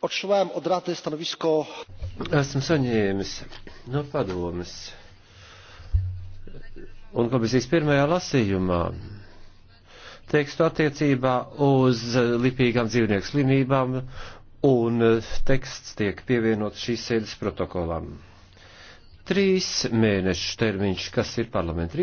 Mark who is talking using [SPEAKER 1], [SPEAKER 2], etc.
[SPEAKER 1] otrzymałem od Rady stanowisko.
[SPEAKER 2] Esmu saņēmis no padomes un komisijas pirmajā lasījumā tekstu attiecībā uz lipīgām dzīvnieku slimībām un teksts tiek pievienots šīs sēdes protokolam. Trīs mēnešu termiņš, kas ir parlamenta